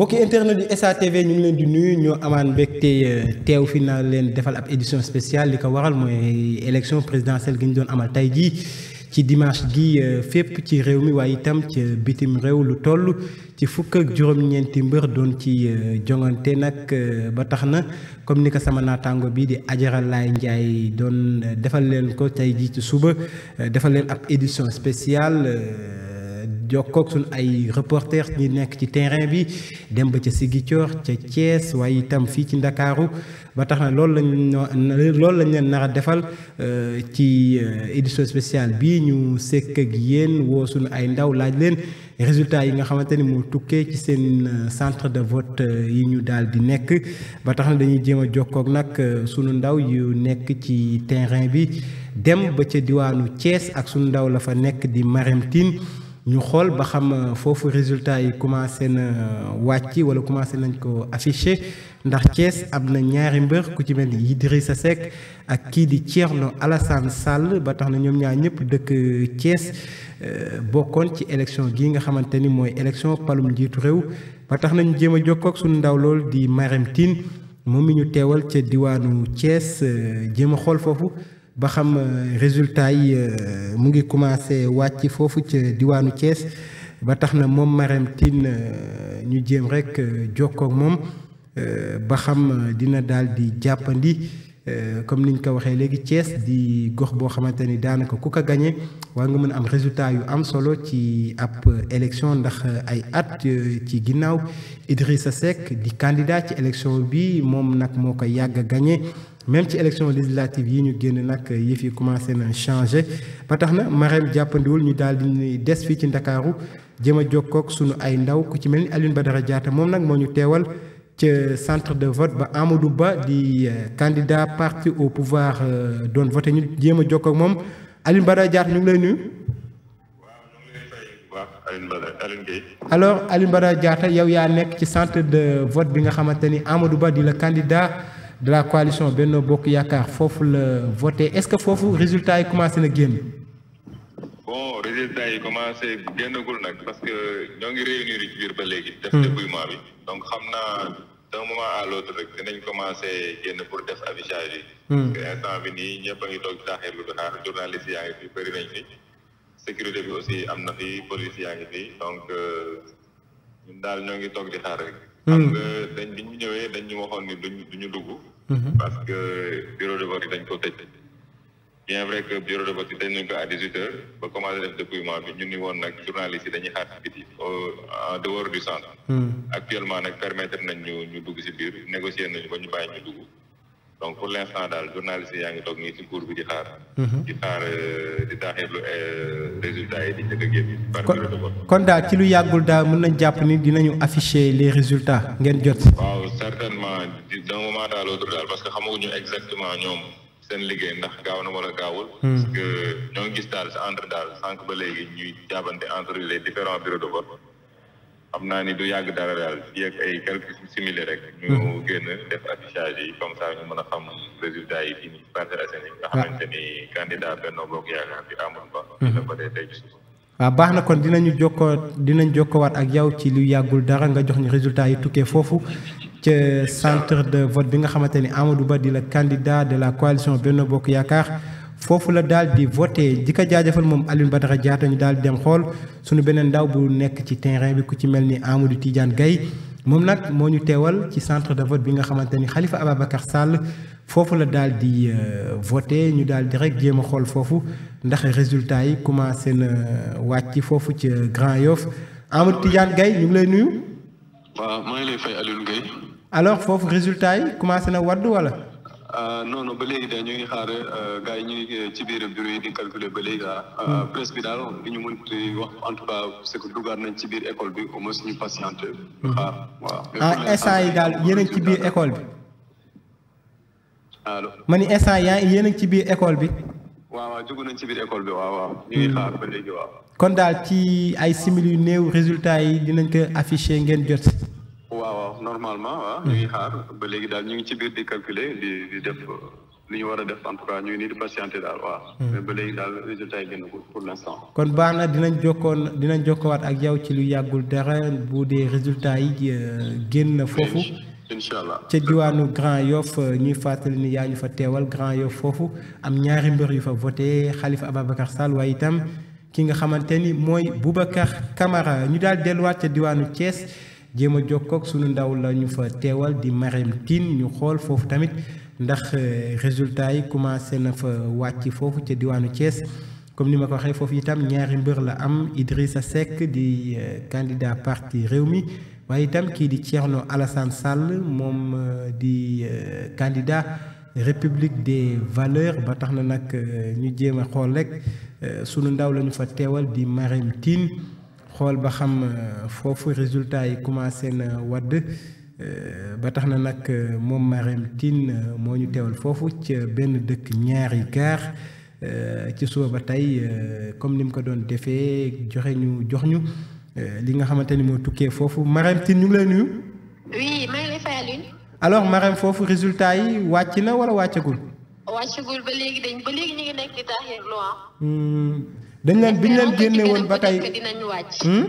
mbokki internet yu SATV ñu ngi leen di nuyu ñoo amaan mbégte euh, teew fi naa leen defal ab édition spéciale li ko waral mooy élection présidentielle gi ñu doon amal tey jii ci dimanche gi euh, fépp ci réew mi waaye itam ci bitim réew lu toll ci fukk ak juróom-ñeenti mbër doon ci euh, jongante nag ba tax na comme ni ko sama naataango bii di ajaral Laye Ndiaye doon defal leen ko tey jii ci suba defal leen ab édition spéciale. jokkoog suñ ay reporter ñi nekk ci terrain bi dem ba ca Ziguinchor ca Thiès waaye itam fii ci Ndakaaru ba tax na loolu lañ loolu lañ leen nar a defal euh, ci euh, édition spéciale bi ñu sekk ak yéen woo suñu ay ndaw laaj leen résultat yi nga xamante ni moo tukkee ci seen euh, centre de vote yi ñu daal di nekk ba tax na dañuy jéem a jokkoog nag sunu ndaw yu nekk ci terrain bi dem ba ca diwaanu Thiès ak sunu ndaw la fa nekk di Marème Tine ñu xool ba xam euh, foofu résultat yi commencé na euh, wàcc wala commencé nañ ko affiché ndax cees am na ñaari mbër ku ci mel ni sa Seck ak kii di Thierno Alassane Sall ba tax na ñoom ñaar ñëpp dëkk euh, Thiès bokkoon ci élection gi nga xamante ni mooy élection palum njiitu réew ba tax nañu jéem a jokkook ak suñu ndaw lool di Marème tiin moom mi ñu teewal ca diwaanu Thiès jéem a xool foofu ba xam euh, résultat yi euh, mu ngi commencé wàcc foofu ca diwaanu Thiès ba tax na moom Marème Tine euh, ñu jéem rek jokkoo ak moom ba xam dina daal di jàppandi. Euh, comme niñ ko waxee léegi cees di gox boo xamante ni daanaka ku ko gagné waa nga mën a am résultat yu am solo ci ab élection ndax euh, ay at euh, ci ginnaaw sa Seck di candidat ci élection bi moom nag moo ko yàgg a gagné même ci élection législative yi ñu génn nag yi yi commencé na changé ba tax na Marème jàppandiwul ñu daal di des fii ci Ndakaaru jëm a jokkook sunu ay ndaw ku ci mel ni ba dara jaata moom nag moo ñu teewal. ca centre de vote ba Amadou Ba di euh, candidat parti au pouvoir euh, doon voté ñu jéem a jokkoo ak moom Alioune Badara Diatta ñu ngi lay nuyu. alors Alioune Badara Diatta yow yaa nekk ci centre de vote bi nga xamante ni Amadou Ba di la candidat de la coalition benn Bokk Yaakaar foofu la voté est-ce que foofu résultat yi commencé na génn. bon résultat yi commencé génnagul nag parce que ñoo ngi réunir ci biir ba léegi. Hmm. def dépouillement bi donc xam naa d'un moment à l'autre rek dinañ commencé génn pour def affichage yi. Hmm. instant bi nii ñëpp a ngi toog jaaxle lu xaar journaliste yaa ngi fi bëri nañ fi sécurité bi aussi am na fi police yaa ngi fi donc euh, ñun daal ñoo ngi toog di xaar rek. Hmm. dañ bi ñu ñëwee dañ ñu waxoon ni duñ duñu dugg. parce que bureau de vote yi dañ ko tëj. bien vrai que bureau de vote yi dañ nañ ko à dix huit heures ba commencé def dépouillement bi ñu ni woon nag journalistes yi dañuy xaar ci biti en dehors du centre hmm. actuellement nag permettre nañ ñu ñu dugg biir négocier nañu ba ñu bàyyi ñu dugg donc pour l' daal journalistes yaa ngi toog nii si cour bi di xaar hmm. di xaar euh, di taaxeetlu euh, résultats yi di njëkk a génn kon daal ci lu yàggul daal mën nañ jàpp ni dinañu afficher les résultats ngeen jot waaw certainement seen liggéey ndax gaaw na wala gaawul. Hmm. parce que ñoo gis daal si entre daal sànq ba léegi ñuy jaabante entre les différents bureaux de vote xam naa ni du yàgg dara daal fii ak ay quelques simili rek. ñu hmm. génn def affichage yi comme ça ñu mën a xam résultat yi fii nii Parcelles Assainies nga xamante ni candidat Bokk Yaakaar bi amul ba. Hmm. dee tey ci ah, baax na kon dinañu jokkoo dinañ waat ak yow ci lu yàggul dara nga jox ñu résultat yi tukkee foofu. ca centre de vote bi nga xamante ni Amadou Ba di la candidat de la coalition benn Bokk Yaakaar foofu la daal di voté di ko jaajëfal moom Alioune Badara Diatta ñu daal di dem xool suñu beneen ndaw bu nekk ci terrain bi ku ci mel ni Amadou Tidiane gay moom nag moo ñu teewal ci centre de vote bi nga xamante ni Khalifa Ababacar Sall foofu la daal di euh, voté ñu daal di rek jéem a xool foofu ndax résultat yi commencé na euh, wàcc foofu ci Grand Yoff Amadou Tidiane Gaye ñu lay nuyu. alors foofu résultat yi commencé na wadd walla euh, noonu ba léegi de ñu ngi xaar euh, gars yi ñu euh, ci biir bureau yi di calculer ba léegi ah. Hmm. presse bi daal li ñu mën wax en tout nañ ci biir école bi au moins ñu patienté. xaar waaw. ah instant yi daal yéen a ngi ci biir école bi. allo ma ni instant yaa yéen a ngi ci biir école bi. waaw waaw nañ ci biir école bi waaw waaw. ñu ngi hmm. xaar ba léegi waaw. kon daal ci ay simili yu néew résultat yi dinañ ko affiché ngeen jot. waaw waaw normalement waaw mm-hmm. ñu xaar ba léegi daal ñu ngi ci biir di calculer di di def li ñu war a def en tout cas ñu daal waaw. Mm-hmm. mais ba léegi daal résultat yi génn kon baax na dinañ jokkoon dinañ jokkowaat ak yow ci lu yàggul dara bu dee résultat yi euh, génn foofu. incha allah ca diwaanu Grand Yoff euh, ñuy fàttali ni yaa ñu fa teewal Grand Yoff foofu am ñaari mbër yu fa voté xalifa Ababacar Sall waaye itam ki nga xamante ni mooy Boubacar Camara ñu daal delluwaat ca diwaanu Thiès. jéem a jokkoog suñu ndaw la ñu fa teewal di Marème Tine ñu xool foofu tamit ndax euh, résultat yi commencé na fa wàcc foofu ca diwaanu Thiès comme ni ma ko waxee foofu itam ñaari mbër la am Idrissa Seck di euh, candidat parti réew mi waaye itam kii di Thierno Alassane Sall moom euh, di candidat république de valeurs ba tax na nag ñu jéem a xool rek sunu ndaw lañu fa teewal di Marème tiin xool ba xam euh, foofu résultat yi commencé na wadd euh, ba tax na nag euh, moom Marème Tine moo ñu teewal foofu ci benn dëkk ñaari gaar ci suba ba tey comme ni mu ko doon defee joxe ñu jox ñu li nga xamante ni moo tukkee foofu Marème Tine ñu ngi lay nuyu. oui maa ngi lay fay alors Marème foofu résultat yi wàcc na wala wàccagul. wàccagul ba léegi dañ ba léegi ñu ngi nekk di taaxirlu ah. hmm. dañ bi ñu leen génne woon ba tey dinañ wàcc hmm?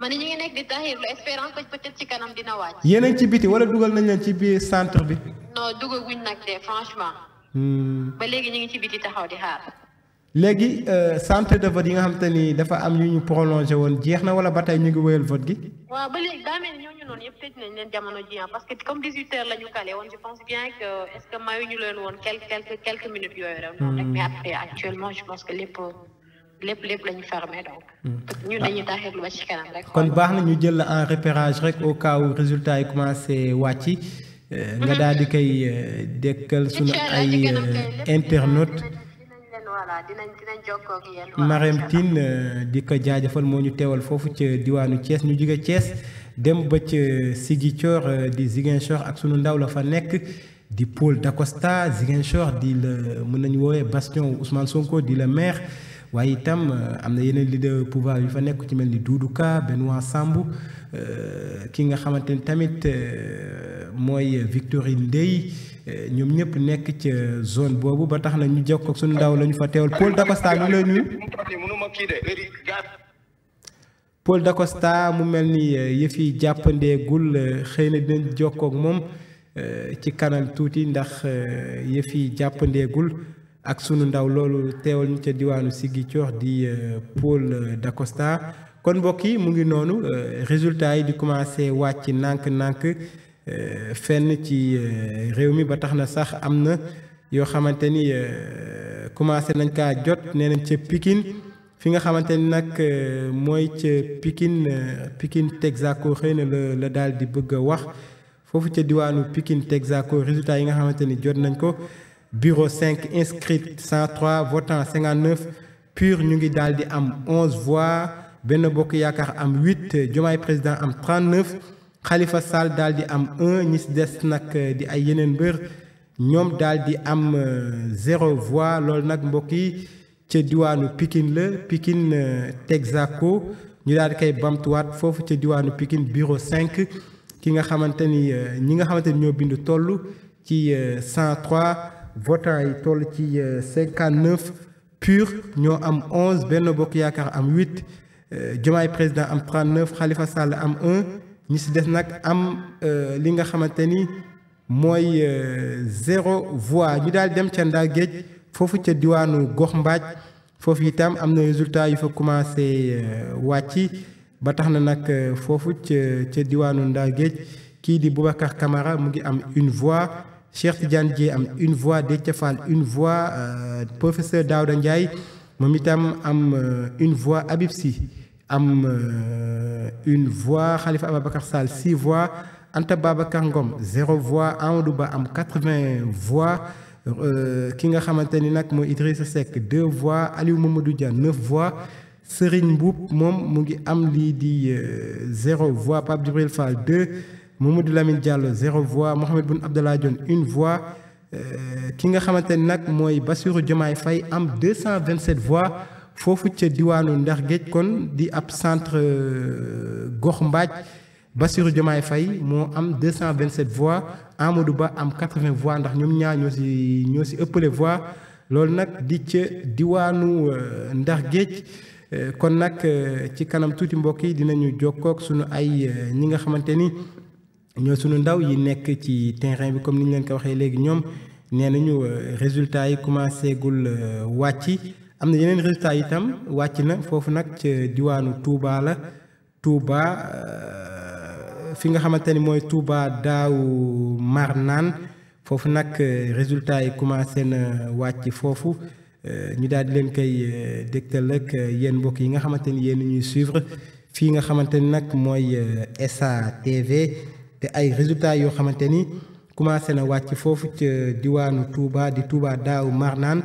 man ñu ngi nekk di taxirlu espérance peut-être ci kanam dina wàcc yéen a ngi ci biti wala dugal nañ leen ci biir centre bi non dugaguñ nag de franchement hmm. ba léegi ñu ngi ci biti taxaw di xaar léegi euh, centre de vote yi nga xam te ni dafa am yu ñu prolongé woon jeex na wala ba tey ñu ngi wéyal vote gi waaw ba léegi daa mel ni ñooñu noonu yëpp tëj nañ leen jamono ji ah, parce que comme 18 la ñu calé woon je pense bien yooyu rek noonu rek hmm. mais lépp lépp hmm. kon baax na ñu jël en répérage rek au cas résultat yi commencé wàcc. Euh, nga hmm. daal di koy euh, dekkal sunu ay euh, internautes. Marème Tine di ko jaajëfal moo ñu teewal foofu ca diwaanu cees ñu jóge cees dem ba ca Ziguinchor di Ziguinchor ak sunu ndaw la fa nekk di Paul Dacosta Ziguinchor di la mën nañu woowee bastion Ousmane Sonko di la maire. waaye itam euh, am na yeneen leader pouvoir yu fa nekk ci mel ni Doudou Ka Benoît Sambou euh, ki nga xamante ni tamit euh, mooy Victorine Ndeye ñoom ñëpp nekk ca zone boobu ba tax na ñu jokk suñu ndaw la fa teewal Paul Dacosta ñu lay mu mel ni yëf yi jàppandeegul xëy na dinañ jokkoo moom ci kanam tuuti ndax yëf yi jàppandeegul. ak sunu ndaw loolu teewal ñu ca diwaanu Ziguinchor di euh, Paul euh, Da Costa kon mbokk yi mu ngi noonu euh, résultat yi di commencé wàcc nànk-nànk fenn ci réew mi ba tax na sax am na yoo xamante ni commencé nañ kaa jot nee nañ ca Pikine fi nga xamante ni nag mooy ca Pikine Pikine Texaco xëy na la la daal di bëgg a wax foofu ca diwaanu Pikine Texaco résultat yi nga xamante ni jot nañ ko. bureau 5 inscrite 103 votant 59 pur ñu ngi daal di am 11 vois benn bokk yaakaar am 8 Diomaye président am 39 Khalifa Sall daal di am ñi des nag euh, di ay yeneen mbër ñoom daal di am euh, zéro voix loolu nag mbokki ce diwaanu Pikine la pikin Pikine euh, Texaco ñu daal di koy bamtuwaat foofu ca diwaanu pikin bureau 5 ki nga xamante ni ñi nga xamante ni ñoo bind toll ci 103. votant yi toll ci euh, cinquante neuf pur ñoo am onze benn Bokk Yaakaar am huit euh, Diomaye président am trente neuf Khalifa am un ñi si des nag am euh, li nga xamante ni mooy zéro voix ñu daal dem ca Ndar Géej foofu ca diwaanu Gox Mbaaj foofu itam am na résultat yu fa commencé wàcc ba tax na nag foofu ca ca diwaanu Ndar Géej kii di Boubacar Camara mu ngi am une voix. Cheikh Tidiane Dièye am une voix Déthié Fall une voix euh, professeur Daouda Ndiaye moom itam am euh, une voix Habib si am euh, une voix xalifa Ababacar Sall six voix Anta Babacar Ngom zéro voix Amadou Ba am quatre-vingts voix ki nga xamante ni nag mooy Idrissa Seck deux voix Aliou Mamadou Dia neuf voix Serigne Mboup moom mu ngi am lii di zéro voix Pape Djibril Fall deux Mamadou Lamine Diallo zéro voix Mahammed Boun Abdallah Dionne une voix euh, ki nga xamante ni nag mooy Bassirou Diomaye fay am 227 voix foofu ca diwaanu ndax géej kon di ab centre euh, gox mbaaj Bassirou Diomaye fay moo am 227 voix Amadou Ba am 80 voix ndax ñoom ñaar ñoo si ñoo si ëppale voix loolu nag di ca diwaanu euh, ndax géej kon nag ci kanam tuuti mbokk yi dinañu jokkook suñu ay ñi nga xamante ni ñoo suñu ndaw yi nekk ci terrain bi comme ni ñu leen ko waxee léegi ñoom nee nañu euh, résultats yi commencé gul euh, wàcc am na yeneen résultats yi tam wàcc na foofu nag ca diwaanu Touba la Touba euh, fi nga xamante ni mooy Touba daaw naan foofu nag résultats yi commencé na wàcc foofu ñu daal di leen koy dégtal ak yéen mbokk yi nga xamante ni yéen ñuy suivre fii nga xamante ni nag mooy SA TV. te ay résultats yoo xamante ni commencé na wàcc foofu ca diwaanu Touba di Touba daaw Marnaan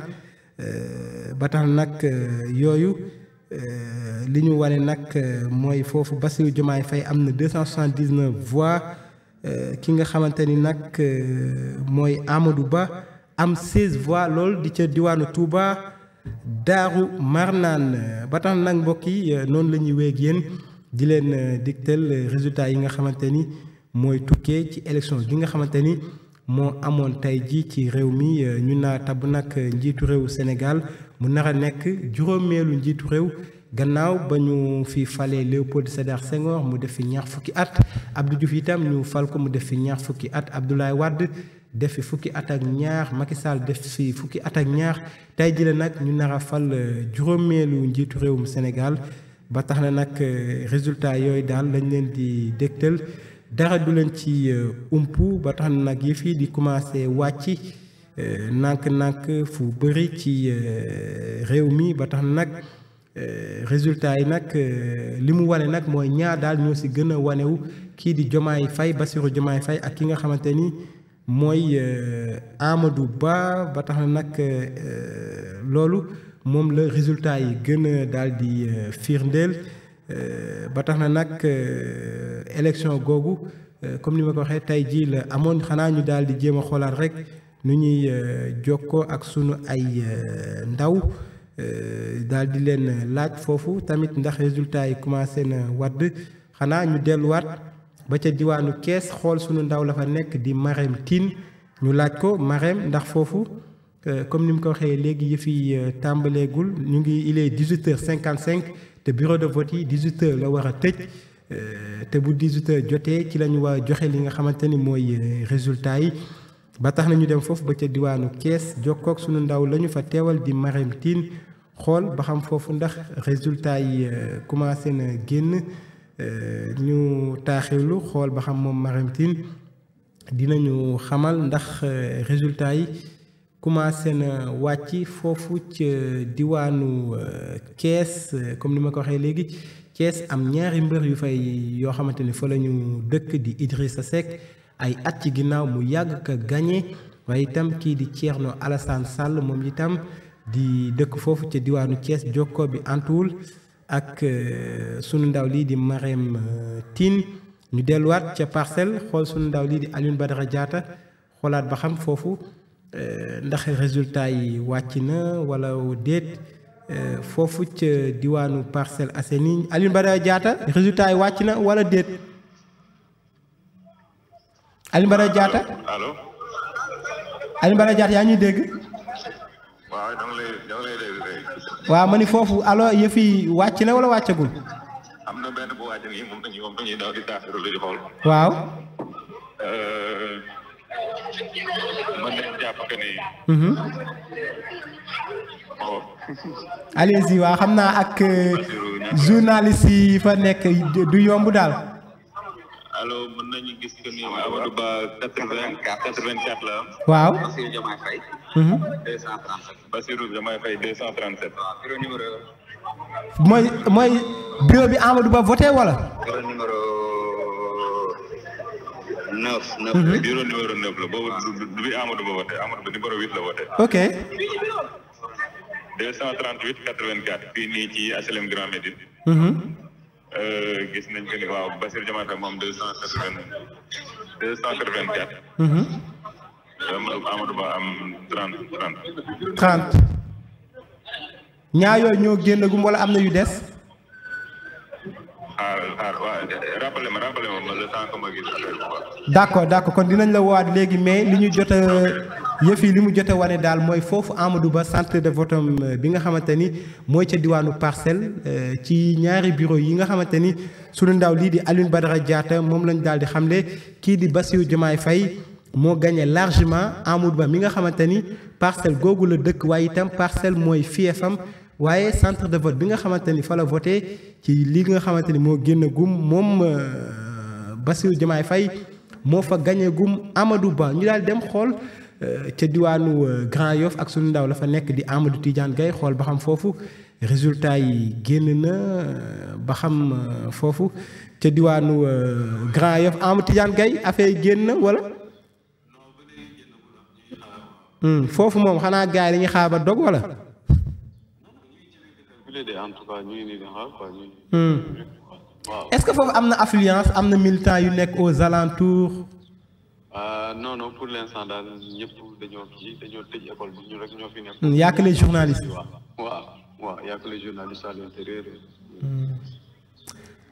euh, ba tax nag euh, yooyu euh, li ñu wane nag mooy foofu Bassirou Diomaye Faye am na deux cent soixante-dix-neuf voix ki nga xamante ni nag mooy Amadou Ba am seize voix lool di ca diwaanu Touba Daaru Marnaan ba nag mbokk yi noonu la ñuy wéeg yéen di leen digteel résultats yi nga xamante ni mooy tukkee ci élection gi nga xamante ni moo amoon tey jii ci réew mi ñu naa tab nag njiitu réew Sénégal mu nar a nekk juróomeelu njiitu réew gannaaw ba ñu fi falee Léopold Sédar mu def fi ñaar fukki at Abdou Diouf itam ñu fal ko mu def fi ñaar fukki at Abdoulaye Wade def fi fukki at ak ñaar Macky Sall def fukki at ak ñaar tey jii nag ñu nar a fal euh, juróomeelu njiitu réewum Sénégal ba tax na nag euh, résultat yooyu daal lañ leen di dégtal. dara du leen ci euh, umpu ba tax nag yi fii di commencé wàcc euh, nànk-nànk fu bëri ci euh, réew mi ba tax nag résultat yi nag li mu wane nag mooy ñaar daal ñoo si gën a wanewu kii di Jomaay Fay Basiru Jomaay Fay ak ki nga xamante ni mooy Amadou Ba ba tax na nag loolu moom la résultat yi gën a daal di firndeel ba tax na nag élection googu euh, comme ni ma ko waxee tey jii la amoon xanaa ñu daal di jéem a xoolaat rek nu ñuy euh, jokkoo ak suñu ay euh, ndaw daal di leen laaj foofu tamit ndax résultat yi commencé na wadd xanaa ñu delluwaat ba ca diwaanu Kees xool sunu ndaw la fa nekk di Marème Tine ñu laaj ko Marème ndax foofu comme ni mu ko waxee léegi yëfi tàmbaleegul ñu ngi il est 18h55 te bureau de vote yi 18h la war a tëj. Euh, te bu 18h jotee ci la ñu waa joxe li nga xamante ni mooy euh, résultat yi ba tax na ñu dem foofu ba ca diwaanu Thiès jokkoog suñu ndaw lañu fa teewal di Marème Tine xool ba xam foofu ndax résultat yi euh, commencé na génn ñu taaxirlu xool ba xam moom Marème Tine dinañu xamal ndax résultat yi commencé na wàcc foofu ca diwaanu kees comme ni ma ko waxee léegi. Thiès am ñaari mbër yu fay yoo xamante ni fa la dëkk di Idrissa Seck ay at ci ginnaaw mu yàgg ka gagné waaye itam kii di Thierno Alassane Sall moom itam di dëkk foofu ca diwaanu cees jokkoo bi antuwul ak euh, sunu ndaw lii di Marème euh, tiin ñu delluwaat ca parcelle xool sunu ndaw lii di Alioune Badara Diatta xoolaat ba xam foofu euh, ndax résultat yi wàcc na walla déet. Euh, foofu ca diwaanu Parcelles Assainies Alioune Badara jaata résultat yi wàcc na wala déet Alioune Badara Diatta allo Alioune Badara Diatta yaa ñuy dégg. waaw da ni foofu alors yëf yi wàcc na wala wàccagul. am na benn bu wàcc nii moom dañuy moom dañuy daw di taasiru lu xool. waaw. Euh, allez waa xam naa ak euh, journaliste yi fa nekk du yomb daal. allo mën nañu gis que ni Amadou la. waaw. Bassirou Diomaye Faye. Mhm. deux cent trente mooy mooy bureau bi Amadou Ba voté wala. bureau numéro neuf. ok. 238 84 fii nii ci HLM Grand Médine. Mhm. Euh, gis nañ ko ni waaw Bassirou Diomaye Faye moom 280 284. Mhm. Euh, Amadou Ba am 30 30. 30 ñaar yooyu ñoo génnagum wala am na yu des. xaar xaar waaw rappelé ma rappelé ma ma gis affaire bi quoi. d' accord d' kon dinañ la waat léegi mais li ñu jot yëf yi li mu jote wane daal mooy foofu Amadou Ba centre de vote euh, bi nga xamante ni mooy ca diwaanu parcelle euh, ci ñaari bureau yi nga xamante ni sunu ndaw lii di Alioune Badara Diatta moom lañu daal di xamle kii di Bassirou Diomaye fay moo gagné largement Amadou Ba mi nga xamante ni parcelle googu la dëkk waaye itam parcelle mooy fiefam waaye centre de vote bi nga xamante ni fa la voté ci li nga xamante ni moo génn gum moom euh, Bassirou Diomaye fay moo fa gagné gum Amadou Ba ñu daal dem xool. Euh, ca diwaanu euh, Grand Yoff ak suñu ndaw la fa nekk di Amadou Tidiane Gaye xool ba xam foofu résultat yi génn na euh, ba xam foofu ca diwaanu Grand Yoff Amadou Tidiane Gaye affaire génn na wala hmm, foofu moom xanaa gars yi dañuy xaar ba dog wala. Hmm. Hmm. est-ce que foofu am na affluence am na militant yu nekk aux alentours. Euh, non non pour l'instant daal ñëpp dañoo kii dañoo tëj école bi ñu rek ñoo fi nekk. y a que waaw waaw y a que les hmm.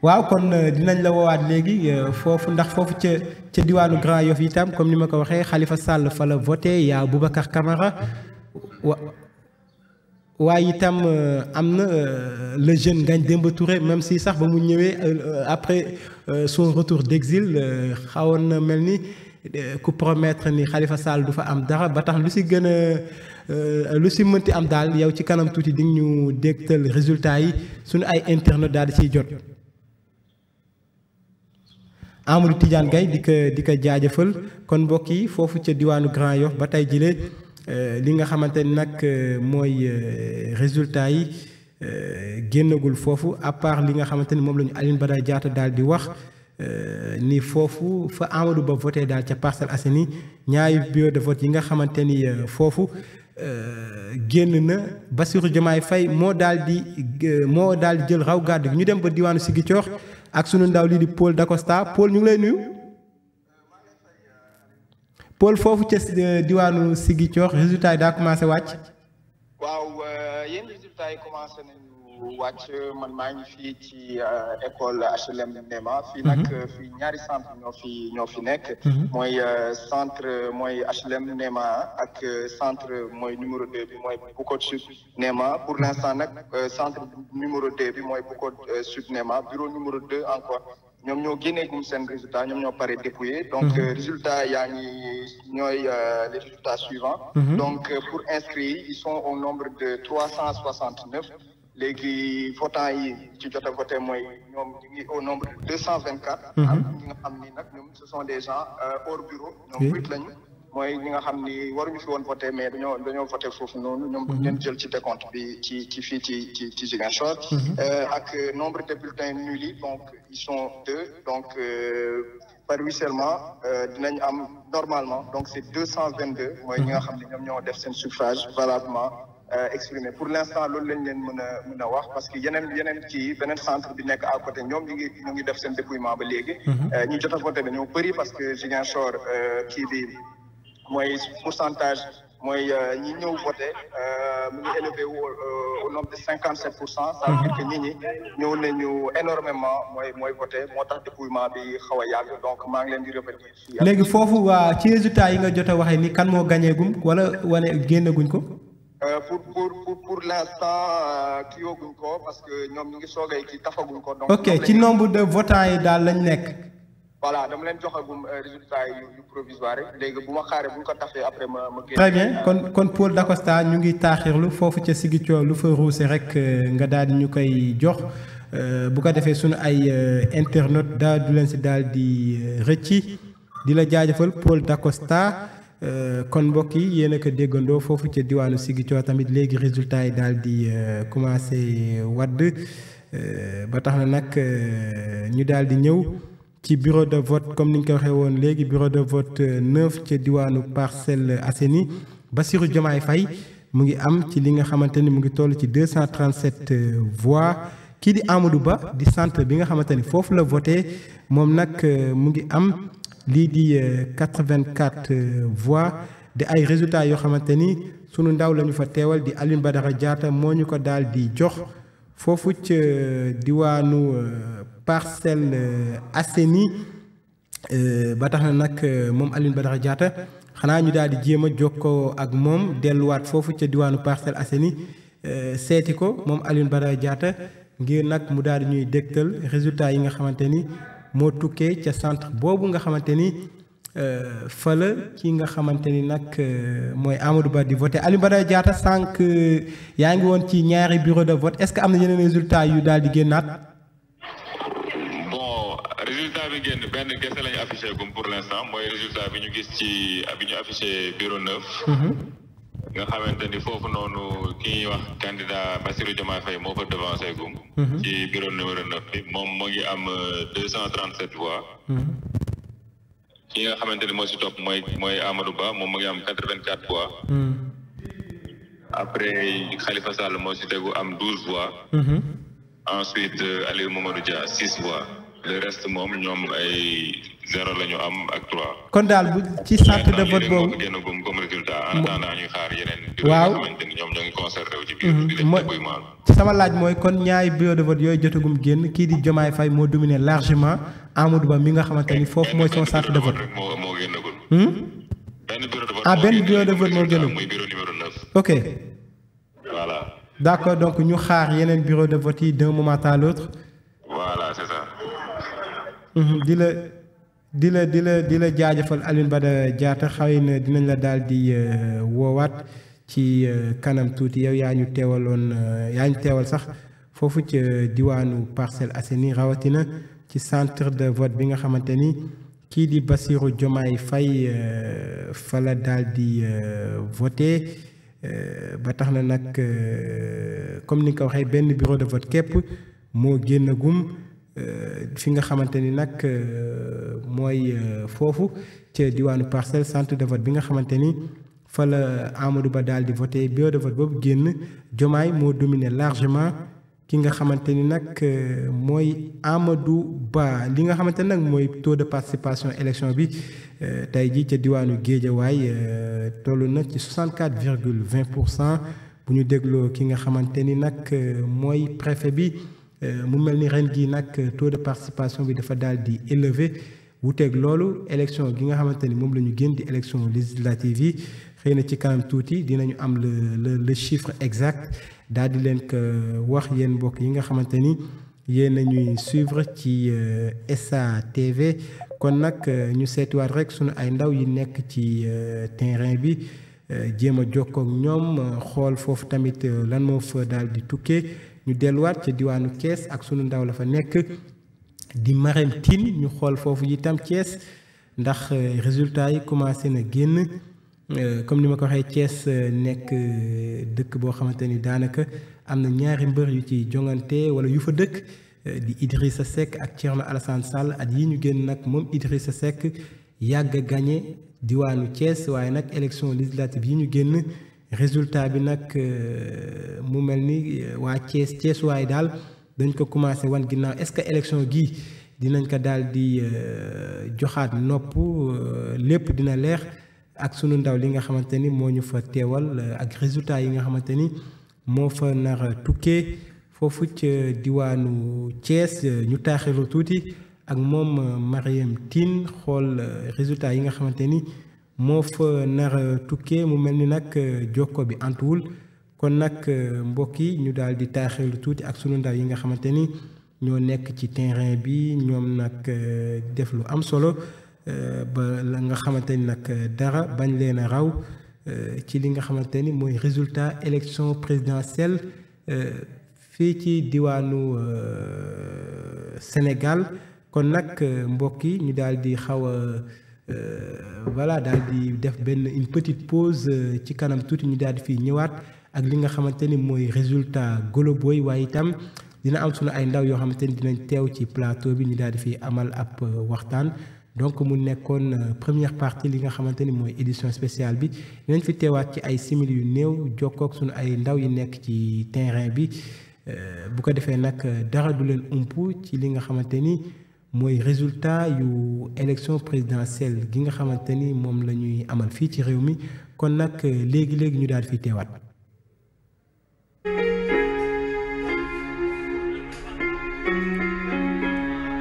waaw kon euh, dinañ la woowaat léegi euh, foofu ndax foofu ca ca diwaanu Grand Yoff itam comme ni ma ko waxee Khalifa Sall fa la voté y a Boubacar Camara waaye itam am na le jeune Ngagne Demba Touré même si sax ba mu ñëwee après son retour d'exil xawoon na mel ni. ku promettre ni xalifa Sall du fa am dara ba tax lu si gën a euh, lu si mënti am daal yow ci kanam tuuti di ñu dégtal résultat yi suñu ay internautes daal di siy jot. Amadou Tidiane Gaye di ko di ko jaajëfal kon mbokk yi foofu ca diwaanu Grand Yoff ba tey jile euh, li nga xamante ni nag euh, mooy résultat yi génnagul foofu à part li nga xamante ni moom lañu ñu Alioune Badara Diatta daal di wax. Euh, ni foofu fa Amadou Ba voté daal ca Parcelles Assainies ñaari bureau de vote yi nga xamante ni euh, foofu euh, génn na Bassirou Diomaye fay moo daal di moo daal di jël raw gàdd gi ñu dem ba diwaanu Ziguinchor ak sunu ndaw lii di Paul Dacosta Paul ñu ngi lay nuyu. Paul foofu ca diwaanu Ziguinchor résultat yi daa commencé wàcc. bu wàcc man maa ngi fii ci euh, école HLM Nema mhm. fii nag euh, fii ñaari centre ñoo fi ñoo fi nekk mhm. Mhm. mooy euh, centre mooy HLM Nema ak centre mooy numéro deux bi mooy Bukot Sud Nema pour l'instant nag centre numéro deux bi mooy Bukot Sud Nema bureau numéro deux encore ñoom ñoo génnee gum seen résultat ñoom ñoo pare dépouillé donc résultat yaa ngi ñooy les résultats donc pour inscrits ils sont au nombre de léegi votants yi ci jot a voté mooy ñoom ñu ngi au nombre deux cent vingt quatre mhm. ak ñi nga xam ni nag ñoom ce sont des gens euh, hors bureau ñoom huit lañu mooy ñi nga xam ni waruñu fi woon voté mais dañoo dañoo voté foofu noonu ñoom duñ leen jël ci décompte bi ci ci fii ci ci ci Ziguinchor mhm. euh, ak euh, nombre de bulletins nuls yi donc ils sont deux donc par ruissellement dinañ am normalement donc c'est deux cent vingt deux mooy ñi nga mhm. xam ne ñoom ñoo def seen suffrage valablement Euh, exprimer pour l'instant loolu lañ leen mën a mun a wax parce que yeneen yeneen kii beneen centre bi nekk à côté ñoom ñu ngi ñu ngi def seen dépouillement ba léegi mhm. euh, ñu jot a voté dañoo bëri parce que Ziguinchor euh, kii bi mooy pourcentage mooy ñi ñëw voté mu ngi élevé au nombre pour cent ça ñi ñëw nañu énormément mooy mooy voté moo tax dépouillement bi xaw a yàgg donc maa ngi leen di remercier léegi foofu waa ci résultat yi nga jot a waxee ni kan moo gañeegum wala wane guñ ko Euh, pour pour pour pour l'instant euh, kii wooguñ ko parce que ñoom ñu ngi soogay kii tafaguñ ko. donc ok ci nombre de votants yi daal lañu nekk. voilà dama leen joxagum euh, résultat yu provisoire léegi bu ma xaaree bu ñu ko tafee après ma ma. très bien kon kon Paul Da ñu ngi taaxirlu foofu ca Ziguinchor lu fa ruuse rek nga daal di ñu koy jox bu ko defee suñu ay internet daal du leen si daal di rëcci di la jaajëfal Paul Da Euh, kon mbokk yi yéen a déggandoo foofu ca diwaanu Ziguinchor tamit léegi résultat yi daal di euh, commencé wadd euh, ba tax na nag ñu daal di ñëw ci bureau de vote comme ni ñu ko waxee woon léegi bureau de vote neuf ca diwaanu Parcelles Assainies Bassirou Diomaye fay mu ngi am ci li nga xamante ni mu ngi toll ci 237 voix kii di Amadou Ba di centre bi nga xamante ni foofu la voté moom nag mu ngi am. lii di euh, quatre-vingt-quatre euh, voix di ay résultat yoo xamante ni sunu ndaw la ñu fa teewal di Alioune Badara Diatta moo ñu ko daal di jox foofu ca euh, diwaanu Parcelles asseni ba tax na nag moom Alioune Badara jaata xanaa ñu daal di jéem a jokkoo ak moom delluwaat foofu ca diwaanu Parcelles Assainies seeti ko moom Alioune Badara Diatta ngir nag mu daal di ñuy dégtal résultats yi nga xamante ni. moo tukkee ca centre boobu nga xamante ni fa la ki nga xamante ni nag euh, mooy Amadou Ba di voté Aliou Badara Diatta euh, yaa ngi woon ci ñaari bureau de vote est-ce que am na yeneen résultat yu daal di génnaat. bon résultat bi génn benn gese lañu affiché gum pour l'instant mooy résultat bi ñu gis ci bi ñu affiché bureau neuf. Mm-hmm. nga xamante ni foofu noonu ki ñuy wax candidat Bassirou Diomaye Faye moo fa devancé gum mhm. moom moo ngi am euh, deux cent mhm. nga xamante ni moo si topp mooy mooy Amadou Ba moom moo ngi am quatre vingt quatre voix mhm. après Khalifa Sall moo si tegu am douze voix ensuite euh, Aliou Mamadou Dia six voix le reste moom ñoom ay zéro kon daal bu ci centre de vote boobu ñu génn gum waaw xamante mhm. ci sama laaj mooy kon ñaari bureau de vote yooyu jotagum génn kii di Diomaye fay moo dominé largement Amadou Ba mi nga xamante ni foofu mooy son centre de vote. ah benn bureau de vote moo génnagul hmm? ah, ok. voilà. d' accord donc ñu xaar yeneen bureau de vote yi d' un autre. di la. di la di la di la jaajëfal Alioune Badara Diatta xëy na dinañ la daal di euh, woowaat ci euh, kanam tuuti yow yaa ñu teewaloon euh, yaa ñu teewal sax foofu ca diwaanu Parcelles Assainies rawatina ci centre de vote bi nga xamante ni kii di Bassirou Diomaye fay fa la daal di voté ba tax na nag comme ni nga ko waxee benn bureau de vote képp moo génn génnagum. Euh, fi nga xamante ni nag euh, mooy euh, foofu ca diwaanu parcelle centre de vote bi nga xamante ni fa la Amadou Ba daal di voté bureau de boobu génn Jomaay moo dominé largement ki nga xamante ni nag mooy Amadou Ba li nga xamante ni nag mooy taux de participation élection bi tey jii ca diwaanu Géejawaay toll na ci 64 virgule 20 pour cent bu ñu dégloo ki nga xamante ni nag mooy préfet bi. Euh, mu mel ni ren gi nag taux de participation bi dafa daal di élevé wuuteeg loolu élection gi nga xamante ni moom la ñu génn di élection législative yi xëy na ci kanam tuuti dinañu am le le le chiffre exact daal di leen ko euh, wax yéen mbokk yi nga xamante ni yéen nañuy suivre ci euh, SATV kon nag ñu seetiwaat rek sunu ay ndaw yi nekk ci terrain bi jéem a jokkoo ñoom xool foofu tamit lan moo fa daal di tukkee. ñu delluwaat ca diwaanu Thiès ak sunu ndaw la fa nekk di Marème tiin ñu xool foofu itam Thiès ndax euh, résultat yi commencé na génn euh, comme ni ma ko waxee cees euh, nekk dëkk boo xamante ni daanaka am na ñaari mbër yu ci jongante wala yu fa dëkk di sa Seck ak Thierno Alassane Sall at yi ñu génn nag moom Idrissa Seck yàgg a gañe diwaanu cees waaye nag élection législative yi ñu génn résultat bi nag euh, mu mel ni euh, waa Thiès ceesuwaay daal dañ ko commencé wan ginnaaw est-ce que élection gii dinañ ko daal di euh, joxaat nopp lépp dina leer ak sunu ndaw li nga xamante ni moo ñu fa teewal ak résultat yi nga xamante ni moo fa nar a tukkee foofu ca diwaanu Thiès ñu taaxirlu tuuti ak moom Mariam Tine xool résultat yi nga xamante ni. moo fa nar a tukkee mu mel ni nag euh, jokko bi antuwul kon nag euh, mbokk yi ñu daal di taaxeelu tuuti ak sunu ndaw yi nga xamante ni ñoo nekk ci terrain bi ñoom nag euh, def lu am solo ba la nga xamante ni nag dara bañ leen a raw ci li nga xamante ni mooy résultat élection présidentielle fii ci diwaanu Sénégal kon nag mbokk yi ñu daal di xaw a Euh, voilà daal di def benn une petite pause euh, ci kanam tuuti ñu daal di fii ñëwaat ak li nga xamante ni mooy résultat golo booy waaye itam dina am sunu ay ndaw yoo xamante ni dinañ teew ci plateau bi ñu daal di fi amal ab euh, waxtaan. donc mu nekkoon première partie li nga xamante ni mooy édition spéciale bi dinañ fi teewaat ci ay simili yu néew jokkook sunu ay ndaw yi nekk ci terrain bi bu ko defee nag dara du leen ump ci li nga xamante ni. mooy résultat yu élection présidentielle gi nga xamante ni moom la ñuy amal fii ci réew mi kon nag léegi léegi ñu daal fi teewaat.